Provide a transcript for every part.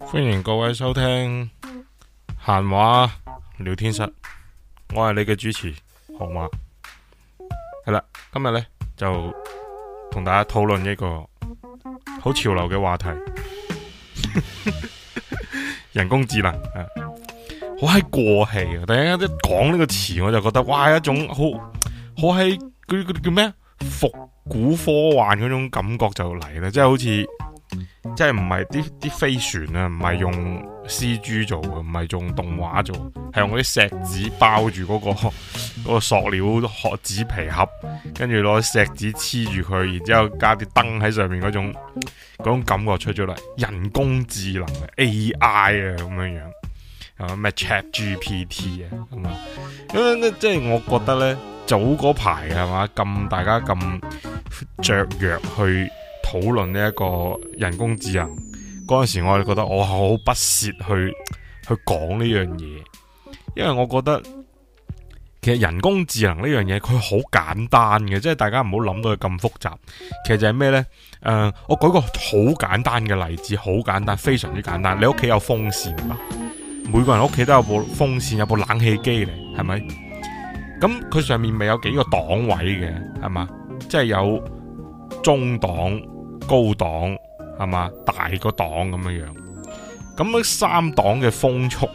歡迎各位收聽閒話聊天室，我係你嘅主持熊馬。係啦，今日呢，就同大家討論一個好潮流嘅話題。 人工智能啊，好喺過氣啊！突然間一講呢個詞，我就覺得哇，一種好好喺佢佢叫咩啊？復古科幻嗰種感覺就嚟啦！即係好似，即係唔係啲啲飛船啊，唔係用。C.G. 做嘅，唔係仲動畫做，係用啲錫紙包住嗰、嗰個塑、嗰個、料殼紙皮盒，跟住攞啲錫紙黐住佢，然之後加啲燈喺上面嗰種嗰種感覺出咗嚟，人工智能 A.I. 啊咁樣樣，係嘛咩 ChatGPT 啊咁啊，因為即係我覺得咧，早嗰排係嘛咁大家咁雀躍去討論呢一個人工智能。嗰陣時我就覺得我好不屑去去講呢樣嘢，因為我覺得其實人工智能呢樣嘢佢好簡單嘅，即係大家唔好諗到佢咁複雜。其實係咩呢？誒、呃，我舉個好簡單嘅例子，好簡單，非常之簡單。你屋企有風扇嘛？每個人屋企都有部風扇，有部冷氣機嚟，係咪？咁佢上面咪有幾個檔位嘅，係嘛？即係有中檔、高檔。係嘛，大個檔咁樣樣，咁咧三檔嘅風速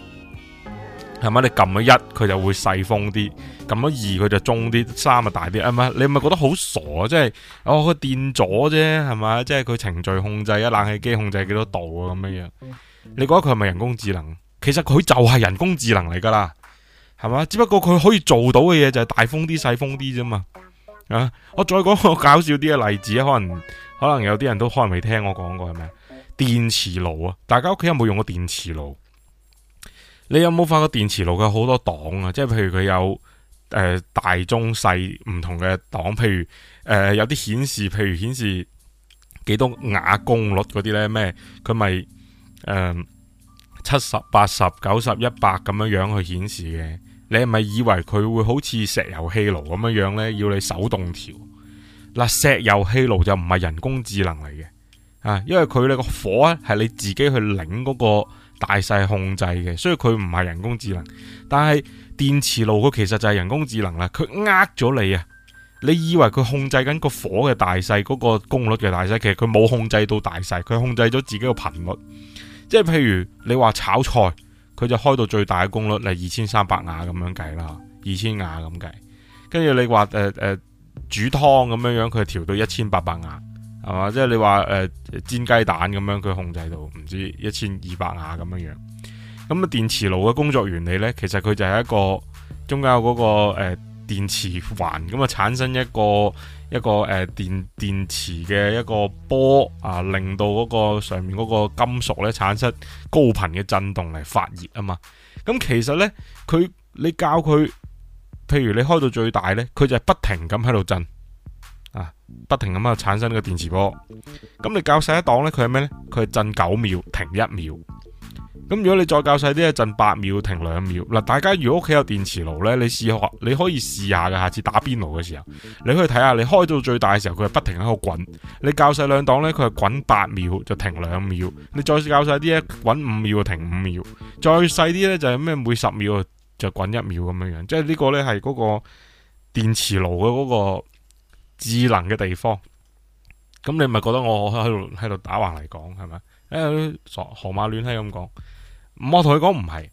係咪？你撳咗一，佢就會細風啲；撳咗二，佢就中啲；三啊大啲。係咪？你係咪覺得好傻？即係哦，佢電咗啫，係咪？即係佢程序控制啊，冷氣機控制幾多度啊？咁樣樣，你覺得佢係咪人工智能？其實佢就係人工智能嚟噶啦，係嘛？只不過佢可以做到嘅嘢就係大風啲、細風啲啫嘛。啊！我再講個搞笑啲嘅例子，可能可能有啲人都可能未聽我講過係咪啊？電磁爐啊，大家屋企有冇用過電磁爐？你有冇發覺電磁爐嘅好多檔啊？即係譬如佢有誒、呃、大中細唔同嘅檔，譬如誒、呃、有啲顯示，譬如顯示幾多瓦功率嗰啲呢？咩？佢咪誒七十八十九十一百咁樣樣去顯示嘅。你係咪以為佢會好似石油氣爐咁樣樣咧？要你手動調嗱，石油氣爐就唔係人工智能嚟嘅啊，因為佢呢個火咧係你自己去擰嗰個大細控制嘅，所以佢唔係人工智能。但係電磁爐佢其實就係人工智能啦，佢呃咗你啊！你以為佢控制緊個火嘅大細嗰個功率嘅大細，其實佢冇控制到大細，佢控制咗自己個頻率。即係譬如你話炒菜。佢就開到最大嘅功率係2，係二千三百瓦咁樣計啦，二千瓦咁計。跟住你話誒誒煮湯咁樣樣，佢調到一千八百瓦，係嘛？即係你話誒煎雞蛋咁樣，佢控制到唔知一千二百瓦咁樣樣。咁啊，電磁爐嘅工作原理呢，其實佢就係一個中間有嗰、嗰個誒、呃、電磁環，咁啊產生一個。一個誒、呃、電電池嘅一個波啊，令到嗰個上面嗰個金屬咧產生高頻嘅震動嚟發熱啊嘛。咁其實呢，佢你教佢，譬如你開到最大呢，佢就係不停咁喺度震啊，不停咁啊產生呢個電磁波。咁你教細一檔呢，佢係咩呢？佢係震九秒，停一秒。咁如果你再較細啲一陣，八秒停兩秒嗱，大家如果屋企有電磁爐呢，你試學，你可以試下嘅。下次打邊爐嘅時候，你可以睇下，你開到最大嘅時候，佢係不停喺度滾；你較細兩檔呢，佢係滾八秒就停兩秒；你再較細啲呢，滾五秒就停五秒；再細啲呢，就係咩？每十秒就滾一秒咁樣樣，即係呢個呢，係嗰個電磁爐嘅嗰個智能嘅地方。咁你咪覺得我喺度喺度打橫嚟講係咪？誒，河馬亂閪咁講，我同佢講唔係，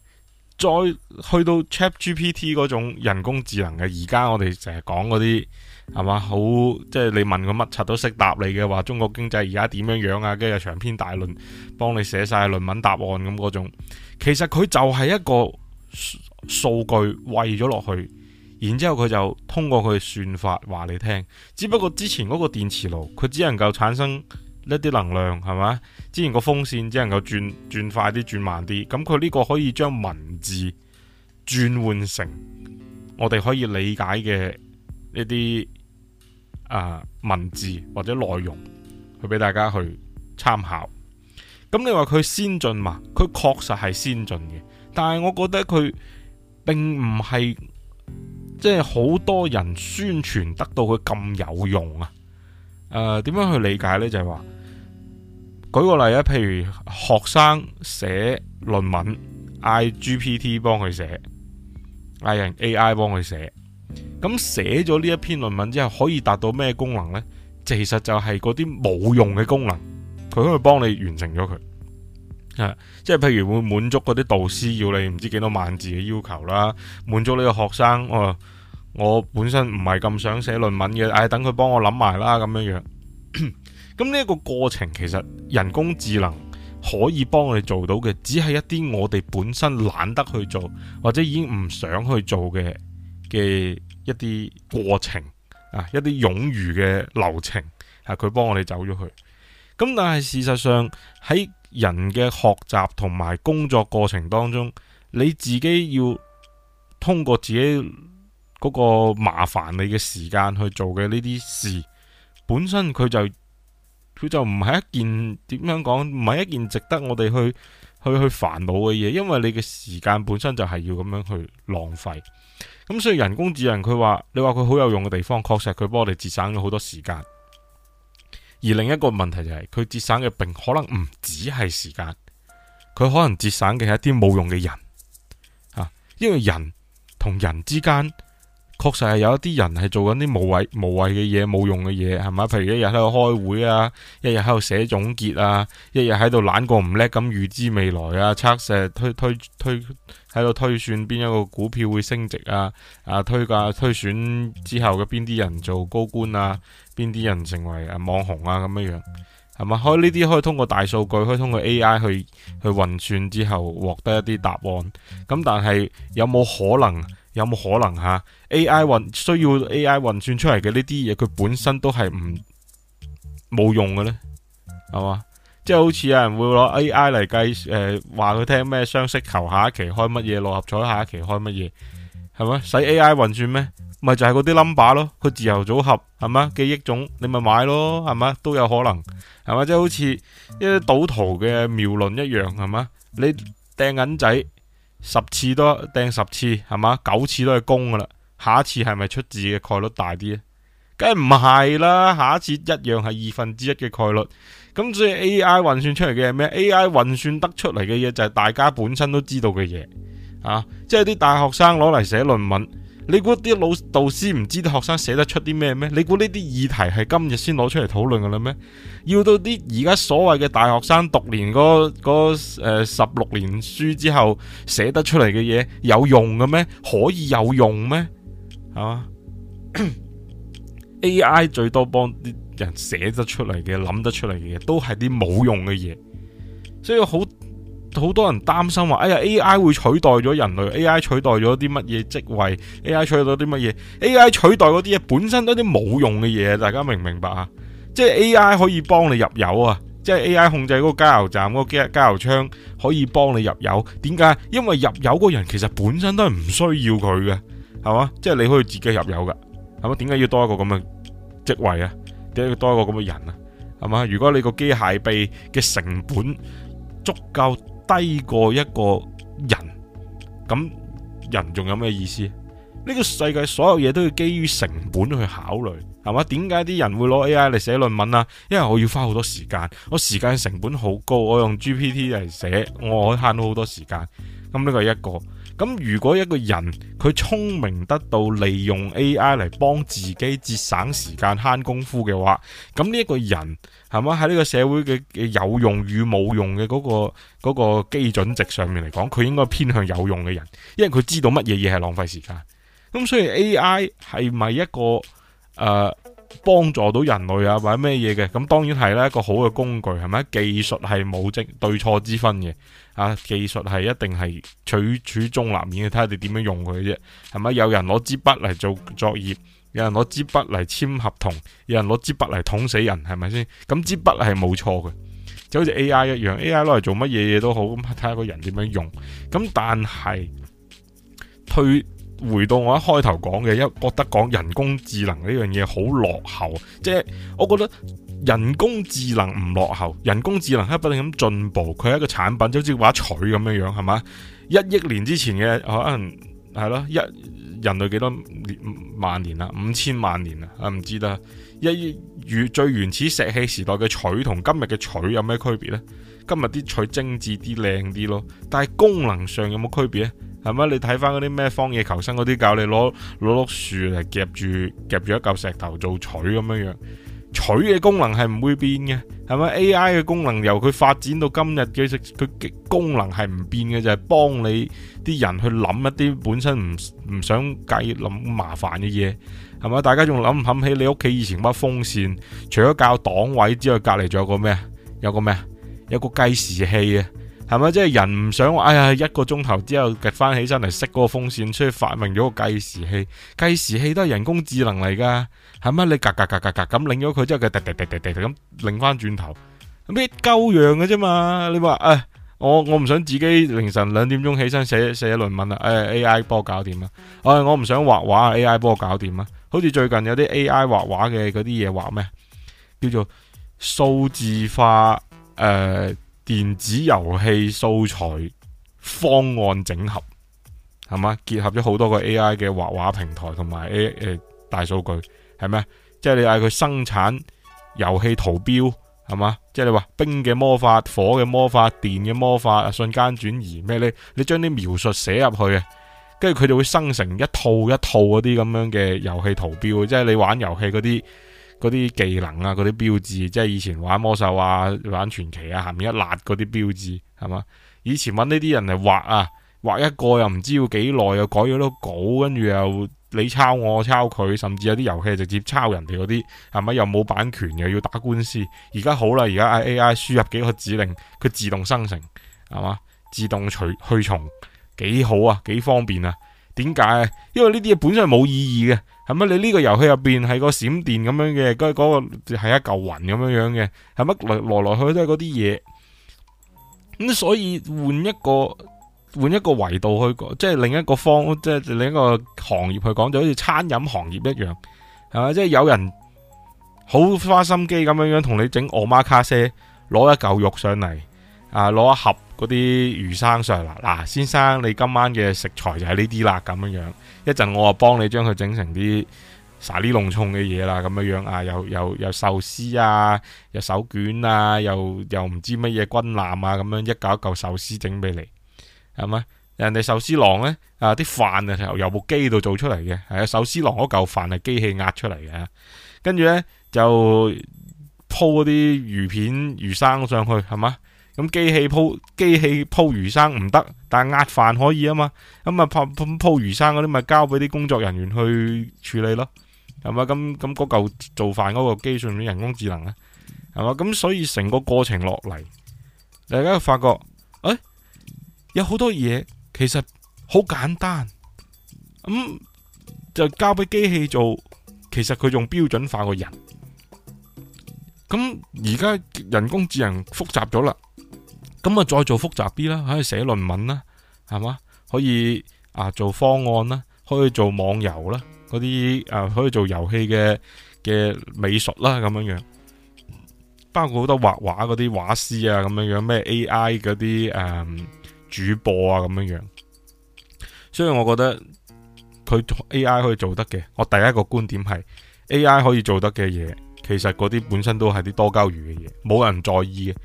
再去到 ChatGPT 嗰種人工智能嘅，而家我哋成日講嗰啲係嘛？好即係、就是、你問佢乜柒都識答你嘅，話中國經濟而家點樣樣啊，跟住長篇大論幫你寫晒論文答案咁嗰種，其實佢就係一個數據餵咗落去，然之後佢就通過佢算法話你聽，只不過之前嗰個電磁爐佢只能夠產生。一啲能量係嘛？之前個風扇只能夠轉轉快啲、轉慢啲，咁佢呢個可以將文字轉換成我哋可以理解嘅一啲啊文字或者內容去俾大家去參考。咁你話佢先進嘛？佢確實係先進嘅，但係我覺得佢並唔係即係好多人宣傳得到佢咁有用啊。誒、呃，點樣去理解呢？就係、是、話，舉個例啊，譬如學生寫論文，I G P T 幫佢寫，I 人 A I 幫佢寫，咁寫咗呢一篇論文之後，可以達到咩功能呢？其實就係嗰啲冇用嘅功能，佢可以幫你完成咗佢、啊，即係譬如會滿足嗰啲導師要你唔知幾多萬字嘅要求啦，滿足你個學生哦。呃我本身唔係咁想寫論文嘅，唉、哎，等佢幫我諗埋啦，咁樣樣。咁呢一個過程其實人工智能可以幫我哋做到嘅，只係一啲我哋本身懶得去做或者已經唔想去做嘅、嘅一啲過程啊，一啲冗餘嘅流程啊，佢幫我哋走咗去。咁但係事實上喺人嘅學習同埋工作過程當中，你自己要通過自己。嗰、那個麻煩你嘅時間去做嘅呢啲事，本身佢就佢就唔係一件點樣講，唔係一件值得我哋去去去煩惱嘅嘢，因為你嘅時間本身就係要咁樣去浪費。咁所以人工智能佢話你話佢好有用嘅地方，確實佢幫我哋節省咗好多時間。而另一個問題就係佢節省嘅，並可能唔只係時間，佢可能節省嘅係一啲冇用嘅人啊，因為人同人之間。確實係有一啲人係做緊啲無謂無謂嘅嘢，冇用嘅嘢係咪？譬如一日喺度開會啊，一日喺度寫總結啊，一日喺度懶過唔叻咁預知未來啊，測試推推推喺度推算邊一個股票會升值啊？啊，推價、啊、推選之後嘅邊啲人做高官啊？邊啲人成為啊網紅啊？咁樣樣係咪？可以呢啲可以通過大數據，可以通過 AI 去去運算之後獲得一啲答案。咁但係有冇可能？有冇可能吓、啊？AI 運需要 AI 運算出嚟嘅呢啲嘢，佢本身都係唔冇用嘅呢，係嘛？即係好似有人會攞 AI 嚟計，誒話佢聽咩雙色球下一期開乜嘢，六合彩下一期開乜嘢，係嘛？使 AI 運算咩？咪就係嗰啲 number 咯，佢自由組合，係嘛？幾億種，你咪買咯，係嘛？都有可能，係嘛？即係好似一啲賭徒嘅謬論一樣，係嘛？你掟銀仔。十次都掟十次係嘛，九次都係公噶啦，下一次係咪出字嘅概率大啲啊？梗係唔係啦，下一次一樣係二分之一嘅概率。咁所以 AI 運算出嚟嘅係咩？AI 運算得出嚟嘅嘢就係大家本身都知道嘅嘢啊，即係啲大學生攞嚟寫論文。你估啲老導師唔知啲學生寫得出啲咩咩？你估呢啲議題係今日先攞出嚟討論㗎喇咩？要到啲而家所謂嘅大學生讀年嗰誒十六年書之後寫得出嚟嘅嘢有用嘅咩？可以有用咩？係嘛？AI 最多幫啲人寫得出嚟嘅、諗得出嚟嘅嘢，都係啲冇用嘅嘢，所以好。好多人擔心話，哎呀，AI 會取代咗人類，AI 取代咗啲乜嘢職位？AI 取代咗啲乜嘢？AI 取代嗰啲嘢本身都啲冇用嘅嘢，大家明唔明白啊？即係 AI 可以幫你入油啊，即係 AI 控制嗰個加油站嗰個加油槍可以幫你入油。點解？因為入油嗰人其實本身都係唔需要佢嘅，係嘛？即係你可以自己入油噶，係嘛？點解要多一個咁嘅職位啊？點解要多一個咁嘅人啊？係嘛？如果你個機械臂嘅成本足夠。低過一個人，咁人仲有咩意思？呢個世界所有嘢都要基於成本去考慮，係嘛？點解啲人會攞 A I 嚟寫論文啊？因為我要花好多時間，我時間成本好高，我用 G P T 嚟寫，我可以慳到好多時間。咁呢個係一個。咁如果一個人佢聰明得到利用 A I 嚟幫自己節省時間慳功夫嘅話，咁呢一個人。係咪喺呢個社會嘅嘅有用與冇用嘅嗰個、嗰個、嗰個基準值上面嚟講，佢應該偏向有用嘅人，因為佢知道乜嘢嘢係浪費時間。咁所以 AI 係咪一個誒幫、呃、助到人類啊或者咩嘢嘅？咁當然係啦，一個好嘅工具係咪？技術係冇正對錯之分嘅，啊技術係一定係取取中立面嘅，睇下你點樣用佢啫。係咪有人攞支筆嚟做作業？有人攞支筆嚟簽合同，有人攞支筆嚟捅死人，係咪先？咁支筆係冇錯嘅，就好似 A.I. 一樣。A.I. 攞嚟做乜嘢嘢都好，咁睇下個人點樣用。咁但係退回到我一開頭講嘅，一覺得講人工智能呢樣嘢好落後，即係我覺得人工智能唔落後，人工智能喺不斷咁進步，佢係一個產品，就好似話取咁樣樣，係嘛？一億年之前嘅可能。係咯，一人類幾多年萬年啦，五千萬年啦，唔知啦。一原最原始石器時代嘅錘同今日嘅錘有咩區別呢？今日啲錘精致啲靚啲咯，但係功能上有冇區別咧？係咪？你睇翻嗰啲咩荒野求生嗰啲，教你攞攞碌樹嚟，夾住夾住一嚿石頭做錘咁樣樣，錘嘅功能係唔會變嘅，係咪？AI 嘅功能由佢發展到今日嘅，佢功能係唔變嘅，就係幫你。啲人去諗一啲本身唔唔想計諗麻煩嘅嘢，係咪？大家仲諗唔諗起你屋企以前乜風扇？除咗教檔位之外，隔籬仲有個咩？有個咩？有個計時器啊？係咪？即係人唔想話，哎呀，一個鐘頭之後夾翻起身嚟熄嗰個風扇，所以發明咗個計時器。計時器都係人工智能嚟噶，係咪？你夾夾夾夾夾咁擰咗佢之後，佢滴滴滴滴滴咁擰翻轉頭，咩鳩樣嘅啫嘛？你話啊？我我唔想自己凌晨兩點鐘起身寫寫論文啊，誒，AI 幫我搞掂啊，誒，我唔想畫畫，AI 啊幫我搞掂啊，好似最近有啲 AI 畫畫嘅嗰啲嘢畫咩，叫做數字化誒電子遊戲素材方案整合，係嘛？結合咗好多個 AI 嘅畫畫平台同埋 A 誒大數據，係咩？即係你嗌佢生產遊戲圖標。係嘛？即係你話冰嘅魔法、火嘅魔法、電嘅魔法，瞬間轉移咩咧？你將啲描述寫入去，跟住佢就會生成一套一套嗰啲咁樣嘅遊戲圖標，即係你玩遊戲嗰啲嗰啲技能啊，嗰啲標誌，即係以前玩魔獸啊、玩傳奇啊，下面一辣嗰啲標誌，係嘛？以前揾呢啲人嚟畫啊，畫一個又唔知要幾耐，又改咗好多稿，跟住又。你抄我，我抄佢，甚至有啲遊戲直接抄人哋嗰啲，係咪又冇版權，又要打官司？而家好啦，而家 AI 輸入幾個指令，佢自動生成，係嘛？自動除去重，幾好啊，幾方便啊？點解？因為呢啲嘢本身係冇意義嘅，係咪？你呢個遊戲入邊係個閃電咁樣嘅，嗰、那、嗰個係一嚿雲咁樣樣嘅，係咪？來來來去去都係嗰啲嘢？咁、嗯、所以換一個。換一個維度去講，即係另一個方，即係另一個行業去講，就好似餐飲行業一樣，係嘛？即係有人好花心機咁樣樣同你整奧馬卡西，攞一嚿肉上嚟啊，攞一盒嗰啲魚生上嚟嗱，啊，先生你今晚嘅食材就係呢啲啦，咁樣樣一陣我啊幫你將佢整成啲沙利龍沖嘅嘢啦，咁樣樣啊，又又又壽司啊，又手卷啊，又又唔知乜嘢軍艦啊，咁樣一嚿一嚿壽司整俾你。係嘛？人哋壽司郎咧，啊啲飯啊由部機度做出嚟嘅，係啊壽司郎嗰嚿飯係機器壓出嚟嘅。跟住咧就鋪嗰啲魚片、魚生上去，係嘛？咁機器鋪機器鋪魚生唔得，但係壓飯可以啊嘛。咁啊鋪鋪魚生嗰啲咪交俾啲工作人員去處理咯，係嘛？咁咁嗰嚿做飯嗰個機上面人工智能啊，係嘛？咁所以成個過程落嚟，大家發覺。有好多嘢其實好簡單，咁就交俾機器做。其實佢仲標準化過人，咁而家人工智能複雜咗啦，咁啊再做複雜啲啦，可以寫論文啦，係嘛？可以啊做方案啦，可以做網遊啦，嗰啲誒可以做遊戲嘅嘅美術啦，咁樣樣，包括好多畫畫嗰啲畫師啊，咁樣樣咩 AI 嗰啲誒。嗯主播啊，咁樣樣，所以我覺得佢 A I 可以做得嘅，我第一個觀點係 A I 可以做得嘅嘢，其實嗰啲本身都係啲多交餘嘅嘢，冇人在意嘅。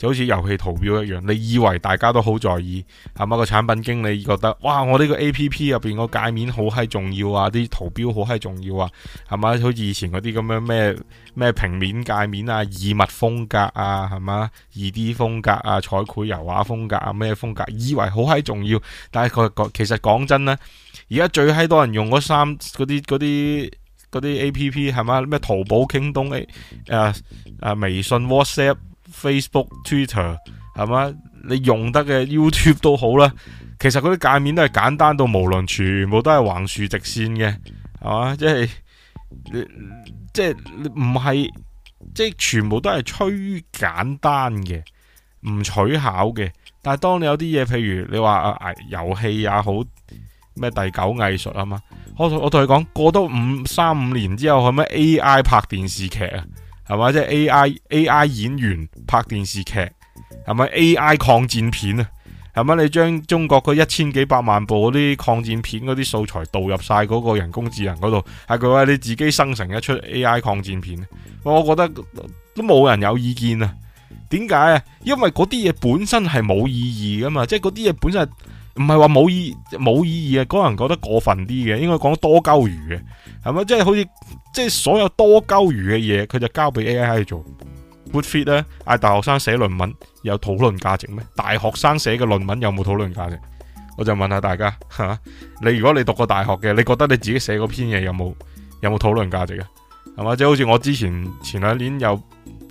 就好似遊戲圖標一樣，你以為大家都好在意，係嘛、那個產品經理覺得，哇！我呢個 A P P 入邊個界面好閪重要啊，啲圖標好閪重要啊，係嘛？好似以前嗰啲咁樣咩咩平面界面啊，二物風格啊，係嘛二 D 風格啊，彩繪油畫風格啊，咩風格？以為好閪重要，但係佢其實講真咧，而家最閪多人用嗰三嗰啲嗰啲嗰啲 A P P 係嘛？咩淘寶、京東誒誒誒微信、WhatsApp。Facebook、Twitter 係嘛，你用得嘅 YouTube 都好啦。其實嗰啲界面都係簡單到無論全部都係橫豎直線嘅，係嘛？即係你即係唔係即係全部都係趨簡單嘅，唔取巧嘅。但係當你有啲嘢，譬如你話啊遊戲也好，咩第九藝術啊嘛，我我同你講過多五三五年之後，係咩 AI 拍電視劇啊？係嘛，即係 A.I.A.I. 演員拍電視劇，係咪 A.I. 抗戰片啊？係咪你將中國嗰一千幾百萬部嗰啲抗戰片嗰啲素材導入晒嗰個人工智能嗰度，係佢話你自己生成一出 A.I. 抗戰片？我覺得都冇人有意見啊？點解啊？因為嗰啲嘢本身係冇意義噶嘛，即係嗰啲嘢本身係唔係話冇意冇意義啊，個人覺得過分啲嘅，應該講多鳩魚嘅。係咪即係好似即係所有多鳩餘嘅嘢，佢就交俾 A I 去做？Good fit 咧？嗌、mm -hmm. 大學生寫論文有討論價值咩？大學生寫嘅論文有冇討論價值？我就問下大家吓，你如果你讀過大學嘅，你覺得你自己寫嗰篇嘢有冇有冇討論價值啊？係嘛，即係好似我之前前兩年有，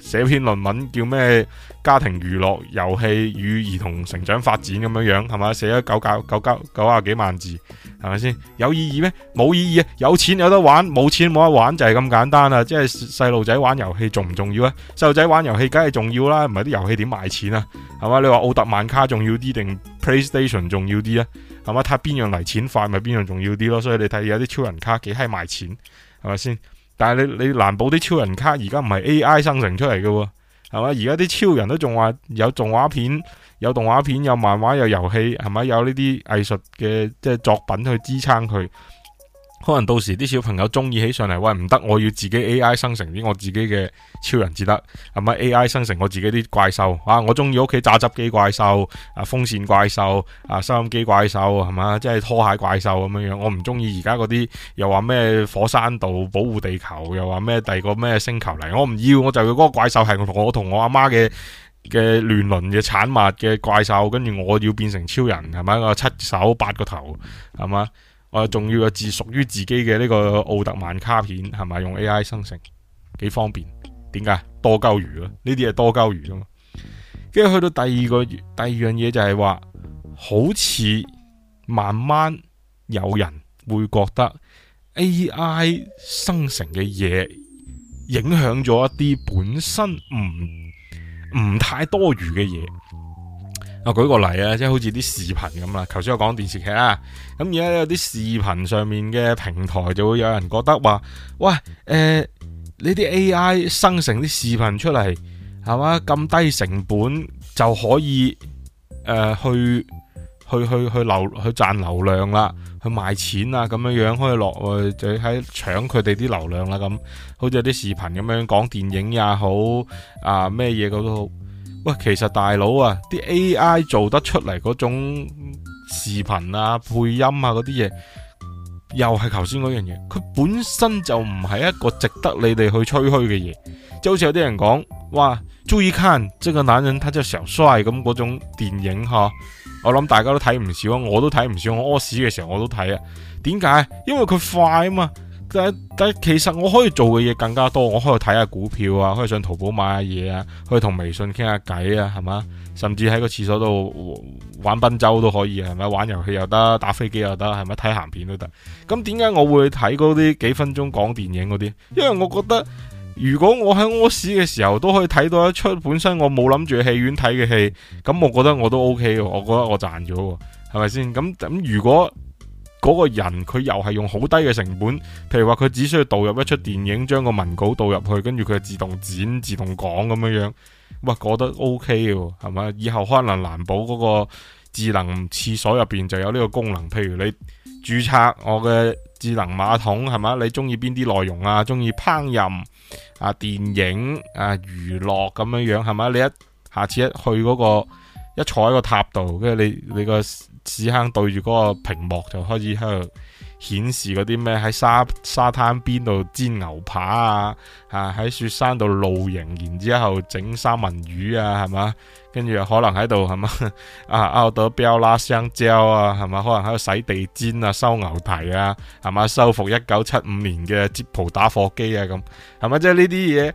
寫篇論文叫咩？家庭娛樂遊戲與兒童成長發展咁樣樣係嘛？寫咗九九九九十幾萬字，係咪先有意義咩？冇意義啊！有錢有得玩，冇錢冇得玩就係、是、咁簡單啦、啊！即係細路仔玩遊戲重唔重要啊？細路仔玩遊戲梗係重要啦、啊，唔係啲遊戲點賣錢啊？係嘛？你話奧特曼卡重要啲定 PlayStation 重要啲啊？係嘛？睇邊樣嚟錢快，咪、就、邊、是、樣重要啲咯。所以你睇有啲超人卡幾閪賣錢，係咪先？但係你你難保啲超人卡而家唔係 AI 生成出嚟嘅，係嘛？而家啲超人都仲話有動畫片、有動畫片、有漫畫、有遊戲，係咪有呢啲藝術嘅即係作品去支撐佢？可能到時啲小朋友中意起上嚟，喂，唔得，我要自己 A I 生成啲我自己嘅超人至得，係咪 A I 生成我自己啲怪獸啊？我中意屋企榨汁機怪獸、啊風扇怪獸、啊收音機怪獸，係嘛？即係拖鞋怪獸咁樣樣，我唔中意而家嗰啲又話咩火山度保護地球，又話咩第二個咩星球嚟，我唔要，我就要嗰個怪獸係我同我阿媽嘅嘅聯倫嘅產物嘅怪獸，跟住我要變成超人，係咪我七手八個頭，係嘛？我仲要個自屬於自己嘅呢個奧特曼卡片係咪？用 AI 生成幾方便？點解多鳩魚咯？呢啲係多鳩魚啊嘛！跟住去到第二個第二樣嘢就係話，好似慢慢有人會覺得 AI 生成嘅嘢影響咗一啲本身唔唔太多餘嘅嘢。我舉個例啊，即係好似啲視頻咁啦。頭先我講電視劇啊，咁而家有啲視頻上面嘅平台就會有人覺得話，喂，誒、呃，呢啲 AI 生成啲視頻出嚟，係嘛，咁低成本就可以誒、呃、去去去去流去賺流量啦，去賣錢啊，咁樣樣可以落去就喺搶佢哋啲流量啦。咁，好似有啲視頻咁樣講電影也好，啊咩嘢嘅都好。喂，其實大佬啊，啲 AI 做得出嚟嗰種視頻啊、配音啊嗰啲嘢，又係頭先嗰樣嘢，佢本身就唔係一個值得你哋去吹噓嘅嘢。就好似有啲人講，哇，注意看，這個男人他就係常帥咁嗰種電影吓，我諗大家都睇唔少啊，我都睇唔少。我屙屎嘅時候我都睇啊，點解？因為佢快啊嘛。但，但其實我可以做嘅嘢更加多，我可以睇下股票啊，可以上淘寶買下嘢啊，可以同微信傾下偈啊，係嘛？甚至喺個廁所度玩賓周都可以啊，係咪？玩遊戲又得，打飛機又得，係咪？睇鹹片都得。咁點解我會睇嗰啲幾分鐘講電影嗰啲？因為我覺得如果我喺屙屎嘅時候都可以睇到一齣本身我冇諗住去戲院睇嘅戲，咁我覺得我都 O K 嘅，我覺得我賺咗，係咪先？咁咁如果。嗰個人佢又係用好低嘅成本，譬如話佢只需要導入一出電影，將個文稿導入去，跟住佢就自動剪、自動講咁樣樣，哇，覺得 OK 喎，係咪？以後可能難保嗰個智能廁所入邊就有呢個功能，譬如你注冊我嘅智能馬桶，係咪？你中意邊啲內容啊？中意烹飪啊、電影啊、娛樂咁樣樣，係咪？你一下次一去嗰個一坐喺個塔度，跟住你你個。屎坑對住嗰個屏幕就開始喺度顯示嗰啲咩喺沙沙灘邊度煎牛扒啊，吓、啊、喺雪山度露營，然之後整三文魚啊，係嘛，跟住可能喺度係嘛，啊 out 到標啦香蕉啊，係嘛，可能喺度洗地氈啊，收牛皮啊，係嘛，修復一九七五年嘅捷普打火機啊，咁係咪即係呢啲嘢？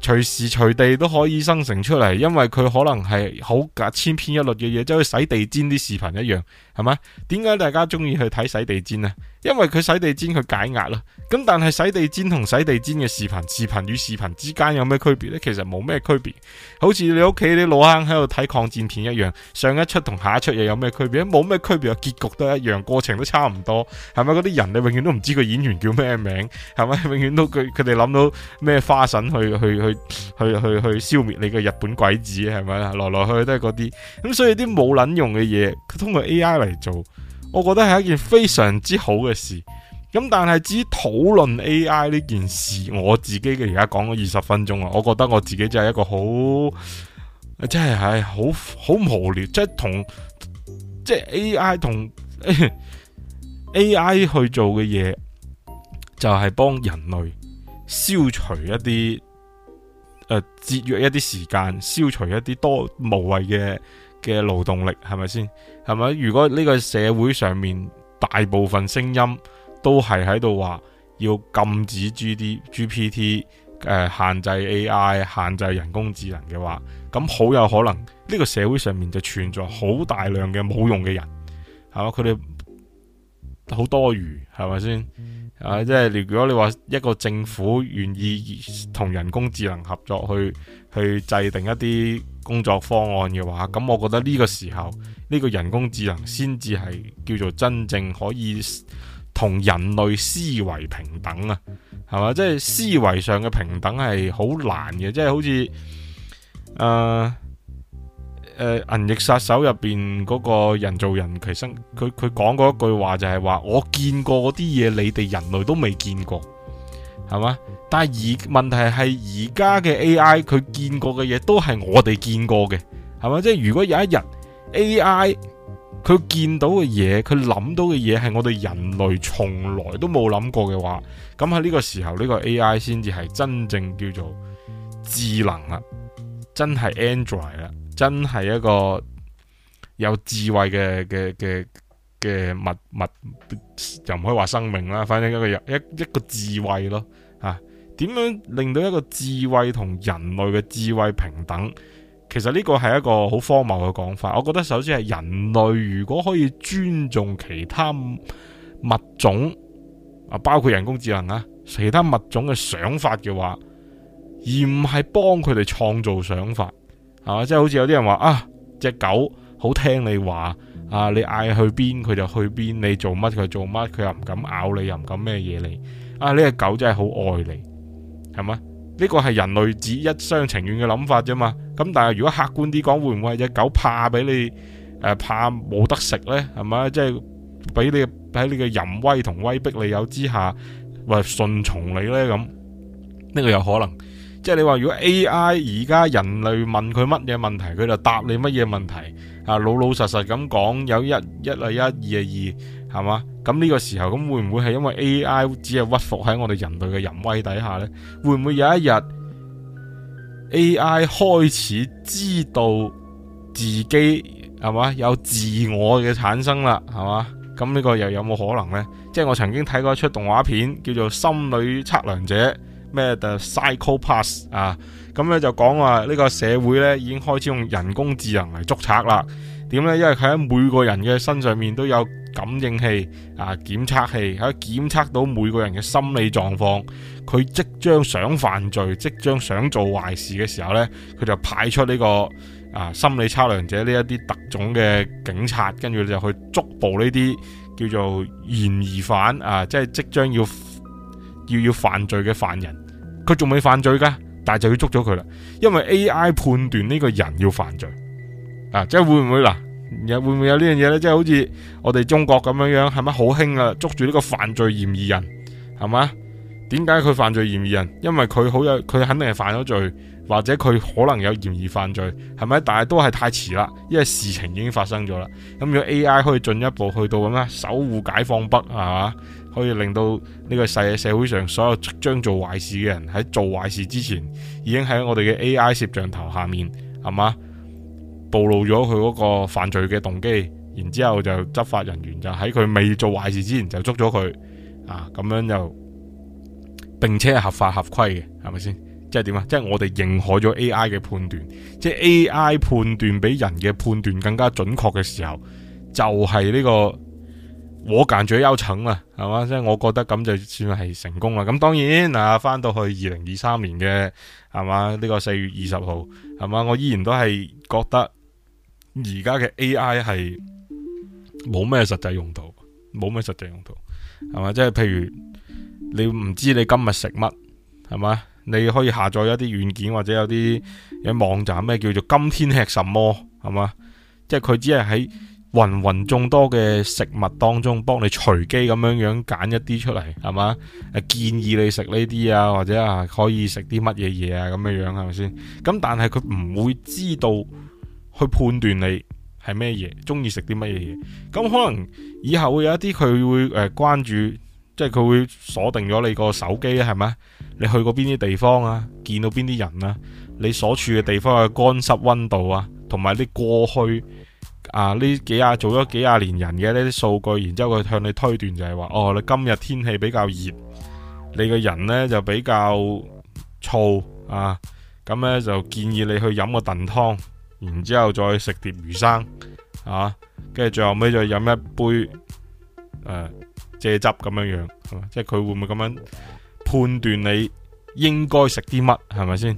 隨時隨地都可以生成出嚟，因為佢可能係好千篇一律嘅嘢，即係洗地氈啲視頻一樣，係嘛？點解大家中意去睇洗地氈啊？因為佢洗地氈佢解壓咯。咁但係洗地氈同洗地氈嘅視頻，視頻與視頻之間有咩區別呢？其實冇咩區別，好似你屋企啲老坑喺度睇抗戰片一樣，上一出同下一出又有咩區別？冇咩區別，結局都一樣，過程都差唔多，係咪？嗰啲人你永遠都唔知個演員叫咩名，係咪？永遠都佢佢哋諗到咩花臣去去去去去去消滅你個日本鬼子，係咪啊？來來去去都係嗰啲，咁所以啲冇撚用嘅嘢，佢通過 AI 嚟做，我覺得係一件非常之好嘅事。咁但係至於討論 A.I. 呢件事，我自己嘅而家講咗二十分鐘啊，我覺得我自己就係一個好，即係係好好無聊，即係同即係 A.I. 同 A.I. 去做嘅嘢，就係幫人類消除一啲誒，節約一啲時間，消除一啲多無謂嘅嘅勞動力，係咪先？係咪？如果呢個社會上面大部分聲音，都係喺度話要禁止 G D G P T，誒、呃，限制 A I，限制人工智能嘅話，咁好有可能呢個社會上面就存在好大量嘅冇用嘅人，係嘛？佢哋好多餘係咪先啊？即係、就是、如果你話一個政府願意同人工智能合作去去制定一啲工作方案嘅話，咁我覺得呢個時候呢、呢個人工智能先至係叫做真正可以。同人類思維平等啊，係嘛？即係思維上嘅平等係好難嘅，即係好似誒誒《銀翼殺手》入邊嗰個人造人，其實佢佢講過一句話就係話，我見過嗰啲嘢，你哋人類都未見過，係嘛？但係而問題係而家嘅 A.I. 佢見過嘅嘢都係我哋見過嘅，係嘛？即係如果有一日 A.I. 佢見到嘅嘢，佢諗到嘅嘢係我哋人類從來都冇諗過嘅話，咁喺呢個時候呢、呢個 A.I. 先至係真正叫做智能啊！真係 Android 啦，真係一個有智慧嘅嘅嘅嘅物物，又唔可以話生命啦，反正一個一一,一個智慧咯嚇。點樣令到一個智慧同人類嘅智慧平等？其實呢個係一個好荒謬嘅講法，我覺得首先係人類如果可以尊重其他物種啊，包括人工智能啊，其他物種嘅想法嘅話，而唔係幫佢哋創造想法，啊，即係好似有啲人話啊，隻狗好聽你話啊，你嗌去邊佢就去邊，你做乜佢做乜，佢又唔敢咬你，又唔敢咩嘢你，啊，呢隻狗真係好愛你，係嘛？呢個係人類只一廂情願嘅諗法啫嘛，咁但係如果客觀啲講，會唔會係隻狗怕俾你？誒、啊、怕冇得食呢？係咪？即係俾你喺你嘅淫威同威逼你有之下，喂、啊，順從你呢？咁呢、呢個有可能。即係你話如果 A.I. 而家人類問佢乜嘢問題，佢就答你乜嘢問題啊？老老實實咁講，有一一係一，二係二。係嘛？咁呢個時候咁會唔會係因為 A.I. 只係屈服喺我哋人類嘅淫威底下呢？會唔會有一日 A.I. 開始知道自己係嘛，有自我嘅產生啦？係嘛？咁呢個又有冇可能呢？即係我曾經睇過一出動畫片叫做《心理測量者》，咩就 Psychopass 啊？咁咧就講話呢個社會呢已經開始用人工智能嚟捉賊啦。點呢？因為佢喺每個人嘅身上面都有，感應器啊，檢測器喺檢測到每個人嘅心理狀況，佢即將想犯罪、即將想做壞事嘅時候呢，佢就派出呢個啊心理測量者呢一啲特種嘅警察，跟住就去捉捕呢啲叫做嫌疑犯啊，即係即將要要要犯罪嘅犯人，佢仲未犯罪噶，但係就要捉咗佢啦，因為 AI 判斷呢個人要犯罪啊，即係會唔會嗱？有會唔會有呢樣嘢呢？即係好似我哋中國咁樣樣，係咪好興啊？捉住呢個犯罪嫌疑人，係嘛？點解佢犯罪嫌疑人？因為佢好有，佢肯定係犯咗罪，或者佢可能有嫌疑犯罪，係咪？但係都係太遲啦，因為事情已經發生咗啦。咁如果 A I 可以進一步去到咁啊，守護解放北，係嘛？可以令到呢個世社會上所有即將做壞事嘅人喺做壞事之前，已經喺我哋嘅 A I 攝像頭下面，係嘛？暴露咗佢嗰個犯罪嘅動機，然之後就執法人員就喺佢未做壞事之前就捉咗佢啊，咁樣就並且係合法合規嘅，係咪先？即係點啊？即係我哋認可咗 AI 嘅判斷，即係 AI 判斷比人嘅判斷更加準確嘅時候，就係呢個我揀咗優懲啊，係嘛？即係我覺得咁就算係成功啦。咁當然啊翻到去二零二三年嘅係嘛？呢個四月二十號係嘛？我依然都係覺得。而家嘅 A.I. 係冇咩實際用途，冇咩實際用途，係嘛？即係譬如你唔知你今日食乜，係嘛？你可以下載一啲軟件或者有啲有網站，咩叫做今天吃什麼，係嘛？即係佢只係喺芸芸眾多嘅食物當中，幫你隨機咁樣樣揀一啲出嚟，係嘛？建議你食呢啲啊，或者啊，可以食啲乜嘢嘢啊，咁樣樣係咪先？咁但係佢唔會知道。去判斷你係咩嘢，中意食啲乜嘢嘢。咁可能以後會有一啲佢會誒關注，即係佢會鎖定咗你個手機係咪？你去過邊啲地方啊？見到邊啲人啊？你所處嘅地方嘅乾濕溫度啊，同埋你過去啊呢幾啊做咗幾廿年人嘅呢啲數據，然之後佢向你推斷就係話哦，你今日天氣比較熱，你個人呢就比較燥啊，咁呢就建議你去飲個燉湯。然之後再食碟魚生，啊，跟住最後尾再飲一杯誒蔗汁咁樣樣係嘛，即係佢會唔會咁樣判斷你應該食啲乜係咪先？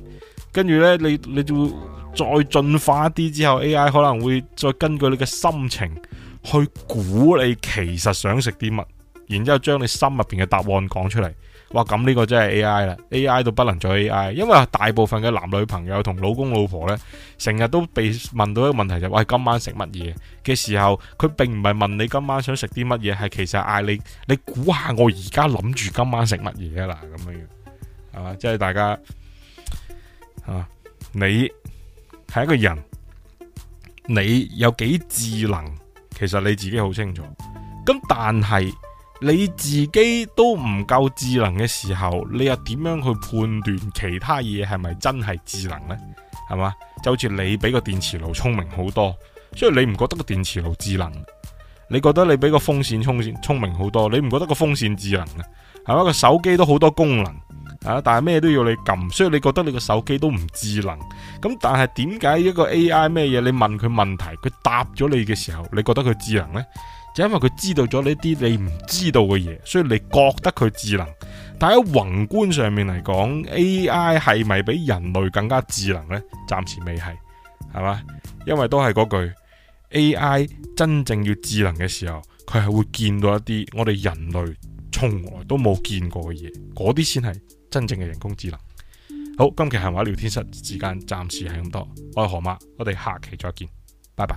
跟住呢，你你就會再進化一啲之後，AI 可能會再根據你嘅心情去估你其實想食啲乜，然之後將你心入邊嘅答案講出嚟。哇！咁呢個真係 A.I. 啦，A.I. 都不能再 A.I.，因為大部分嘅男女朋友同老公老婆呢，成日都被問到一個問題就：喂，今晚食乜嘢嘅時候，佢並唔係問你今晚想食啲乜嘢，係其實嗌你，你估下我而家諗住今晚食乜嘢啦咁樣，係嘛？即係大家，係嘛？你係一個人，你有幾智能，其實你自己好清楚。咁但係。你自己都唔夠智能嘅時候，你又點樣去判斷其他嘢係咪真係智能呢？係嘛？就好似你比個電磁爐聰明好多，所以你唔覺得個電磁爐智能？你覺得你比個風扇聰聰明好多？你唔覺得個風扇智能啊？係嘛？個手機都好多功能啊，但係咩都要你撳，所以你覺得你個手機都唔智能？咁但係點解一個 AI 咩嘢？你問佢問題，佢答咗你嘅時候，你覺得佢智能呢？因為佢知道咗呢啲你唔知道嘅嘢，所以你覺得佢智能。但喺宏觀上面嚟講，AI 係咪比人類更加智能呢？暫時未係，係嘛？因為都係嗰句，AI 真正要智能嘅時候，佢係會見到一啲我哋人類從來都冇見過嘅嘢，嗰啲先係真正嘅人工智能。好，今期閒話聊天室時間暫時係咁多，我係河馬，我哋下期再見，拜拜。